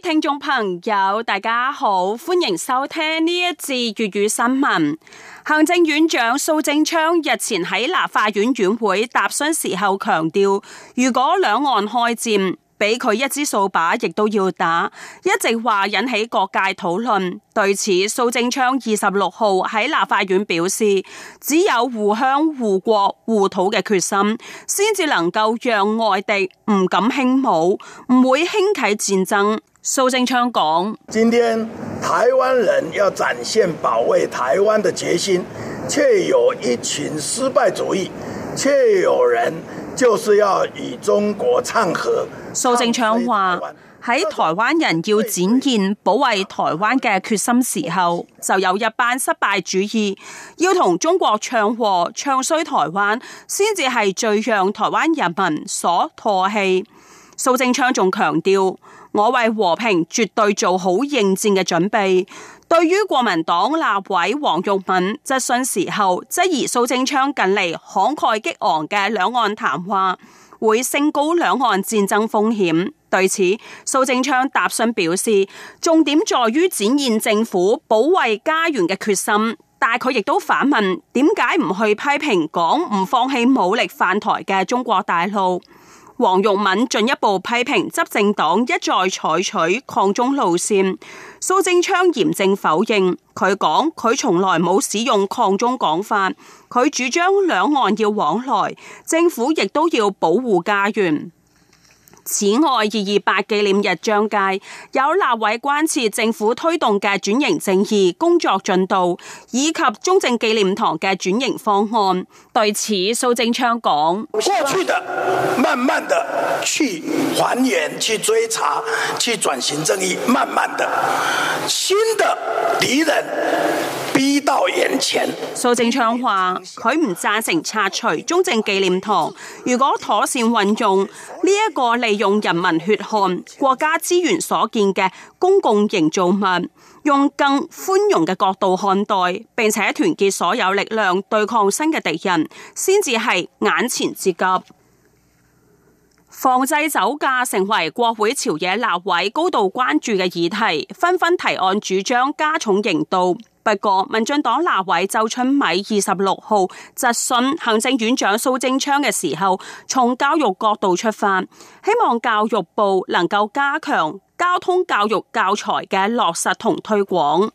聽眾朋友，大家好，歡迎收聽呢一節粵語新聞。行政院長蘇貞昌日前喺立法院院會答詢時候強調，如果兩岸開戰。俾佢一支掃把，亦都要打，一直話引起各界討論。對此，蘇貞昌二十六號喺立法院表示，只有互相護國護土嘅決心，先至能夠讓外敵唔敢輕武，唔會興起戰爭。蘇貞昌講：今天台灣人要展現保衛台灣嘅決心，卻有一群失敗主義，卻有人。就是要與中國唱和。唱，蘇貞昌話：喺台灣人要展現保衛台灣嘅決心時候，就有一班失敗主義要同中國唱和、唱衰台灣，先至係最讓台灣人民所唾棄。蘇貞昌仲強調：我為和平絕對做好應戰嘅準備。對於國民黨立委黃玉敏質詢時候質疑蘇貞昌近嚟慷慨激昂嘅兩岸談話會升高兩岸戰爭風險，對此蘇貞昌答詢表示重點在於展現政府保衛家園嘅決心，但佢亦都反問點解唔去批評講唔放棄武力犯台嘅中國大陸。黃玉敏進一步批評執政黨一再採取抗中路線，蘇貞昌嚴正否認。佢講佢從來冇使用抗中講法，佢主張兩岸要往來，政府亦都要保護家園。此外，二二八紀念日將屆，有立委關切政府推動嘅轉型正義工作進度，以及中正紀念堂嘅轉型方案。對此，蘇貞昌講：過去的，慢慢的去還原、去追查、去轉型正義，慢慢的新的敵人。逼到眼前，蘇貞昌話：佢唔贊成拆除中正紀念堂。如果妥善運用呢一個利用人民血汗、國家資源所建嘅公共營造物，用更寬容嘅角度看待，並且團結所有力量對抗新嘅敵人，先至係眼前之急。防制酒駕成為國會朝野立委高度關注嘅議題，紛紛提案主張加重刑度。不過民進黨立委周春米二十六號質詢行政院長蘇貞昌嘅時候，從教育角度出發，希望教育部能夠加強交通教育教材嘅落實同推廣，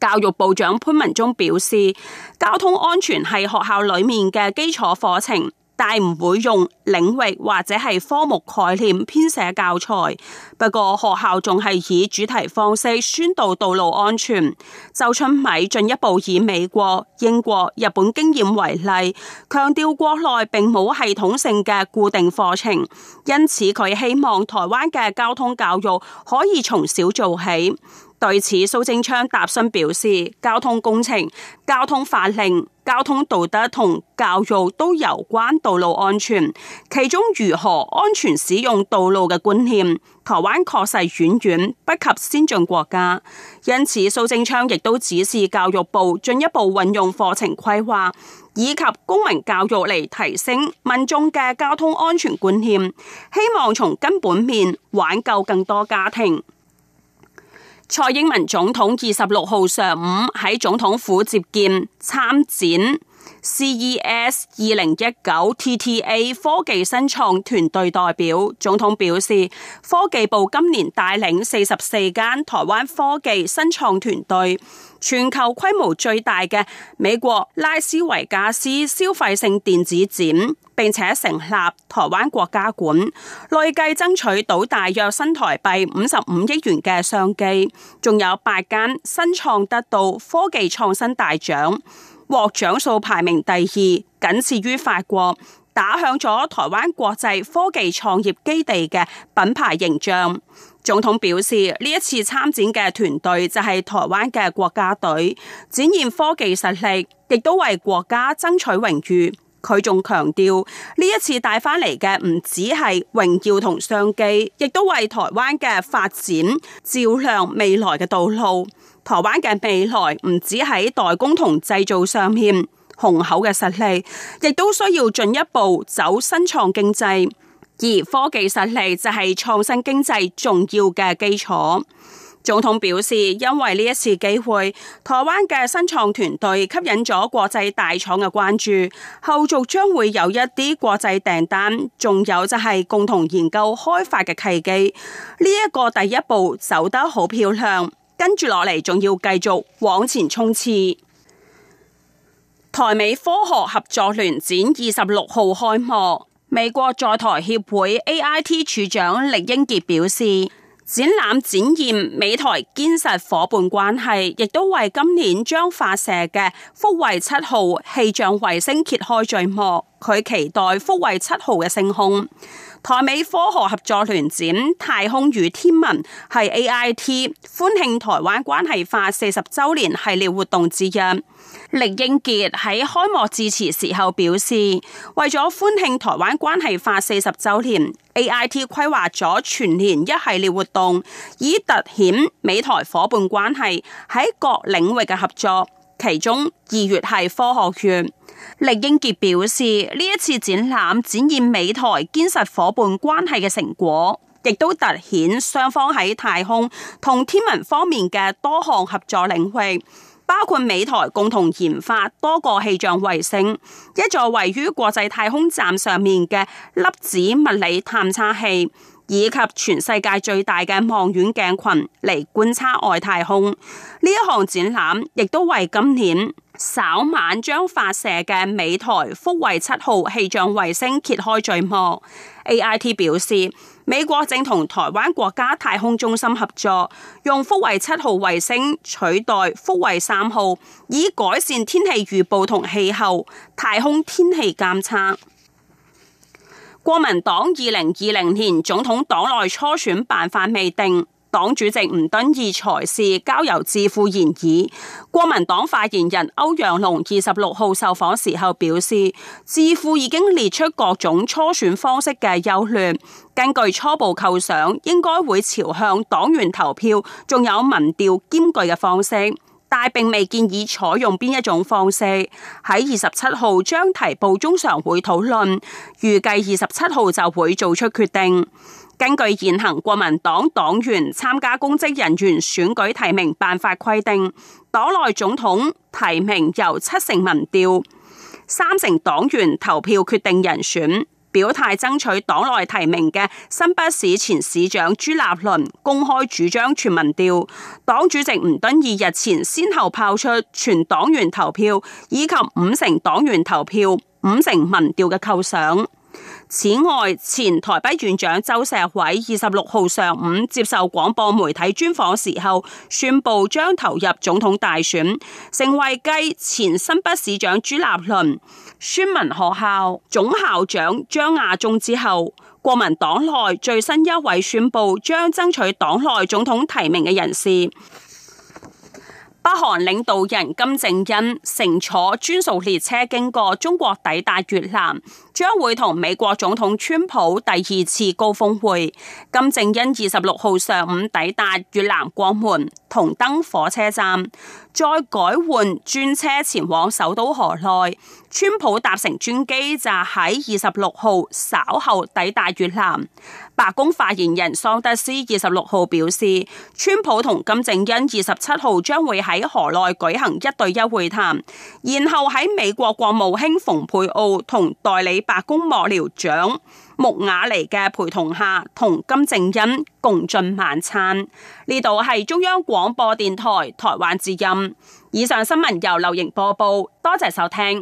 教育部長潘文忠表示，交通安全係學校裏面嘅基礎課程。但唔會用領域或者係科目概念編寫教材，不過學校仲係以主題方式宣導道路安全。周春米進一步以美國、英國、日本經驗為例，強調國內並冇系統性嘅固定課程，因此佢希望台灣嘅交通教育可以從小做起。對此，蘇貞昌答詢表示：交通工程、交通法令、交通道德同教育都有關道路安全，其中如何安全使用道路嘅觀念，台灣確實遠遠不及先進國家。因此，蘇貞昌亦都指示教育部進一步運用課程規劃以及公民教育嚟提升民眾嘅交通安全觀念，希望從根本面挽救更多家庭。蔡英文總統二十六號上午喺總統府接見參展 CES 二零一九 TTA 科技新創團隊代表。總統表示，科技部今年帶領四十四間台灣科技新創團隊。全球規模最大嘅美國拉斯維加斯消費性電子展，並且成立台灣國家館，累計爭取到大約新台幣五十五億元嘅商機，仲有八間新創得到科技創新大獎，獲獎數排名第二，僅次於法國，打響咗台灣國際科技創業基地嘅品牌形象。總統表示，呢一次參展嘅團隊就係台灣嘅國家隊，展現科技實力，亦都為國家爭取榮譽。佢仲強調，呢一次帶翻嚟嘅唔只係榮耀同商機，亦都為台灣嘅發展照亮未來嘅道路。台灣嘅未來唔止喺代工同製造上欠雄厚嘅實力，亦都需要進一步走新創經濟。而科技實力就係創新經濟重要嘅基礎。總統表示，因為呢一次機會，台灣嘅新創團隊吸引咗國際大廠嘅關注，後續將會有一啲國際訂單，仲有就係共同研究開發嘅契機。呢一個第一步走得好漂亮，跟住落嚟仲要繼續往前衝刺。台美科學合作聯展二十六號開幕。美國在台協會 A I T 處長力英傑表示，展覽展現美台堅實夥伴關係，亦都為今年將發射嘅福衛七號氣象衛星揭開序幕。佢期待福衛七號嘅升空。台美科學合作聯展《太空與天文》係 A I T 歡慶台灣關係法四十周年系列活動之一。林英傑喺開幕致辭時候表示，為咗歡慶台灣關係法四十周年，A I T 規劃咗全年一系列活動，以凸顯美台夥伴關係喺各領域嘅合作。其中二月係科學月。李英杰表示，呢一次展覽展現美台堅實伙伴關係嘅成果，亦都凸顯雙方喺太空同天文方面嘅多項合作領域，包括美台共同研發多個氣象衛星、一座位於國際太空站上面嘅粒子物理探測器，以及全世界最大嘅望遠鏡群嚟觀測外太空。呢一項展覽亦都為今年。稍晚將發射嘅美台福衛七號氣象衛星揭開序幕。AIT 表示，美國正同台灣國家太空中心合作，用福衛七號衛星取代福衛三號，以改善天氣預報同氣候、太空天氣監測。國民黨二零二零年總統黨內初選辦法未定。黨主席吳敦義裁示交由智庫研議，國民黨發言人歐陽龍二十六號受訪時候表示，智庫已經列出各種初選方式嘅優劣，根據初步構想，應該會朝向黨員投票，仲有民調兼具嘅方式，但係並未建議採用邊一種方式。喺二十七號將提報中常會討論，預計二十七號就會做出決定。根據現行國民黨黨員參加公職人員選舉提名辦法規定，黨內總統提名由七成民調、三成黨員投票決定人選。表態爭取黨內提名嘅新北市前市長朱立倫公開主張全民調，黨主席吳敦義日前先後拋出全黨員投票以及五成黨員投票、五成民調嘅構想。此外，前台北縣長周錫瑋二十六號上午接受廣播媒體專訪時候，宣布將投入總統大選，成為繼前新北市長朱立倫、孫文學校總校長張亞中之後，國民黨內最新一位宣布將爭取黨內總統提名嘅人士。北韓領導人金正恩乘坐專屬列車經過中國抵達越南。將會同美國總統川普第二次高峰會。金正恩二十六號上午抵達越南國門同登火車站，再改換專車前往首都河內。川普搭乘專機就喺二十六號稍後抵達越南。白宮發言人桑德斯二十六號表示，川普同金正恩二十七號將會喺河內舉行一對一會談，然後喺美國國務卿蓬佩奧同代理。白宮幕僚長穆雅尼嘅陪同下，同金正恩共進晚餐。呢度係中央廣播電台台灣之音。以上新聞由劉瑩播報，多謝收聽。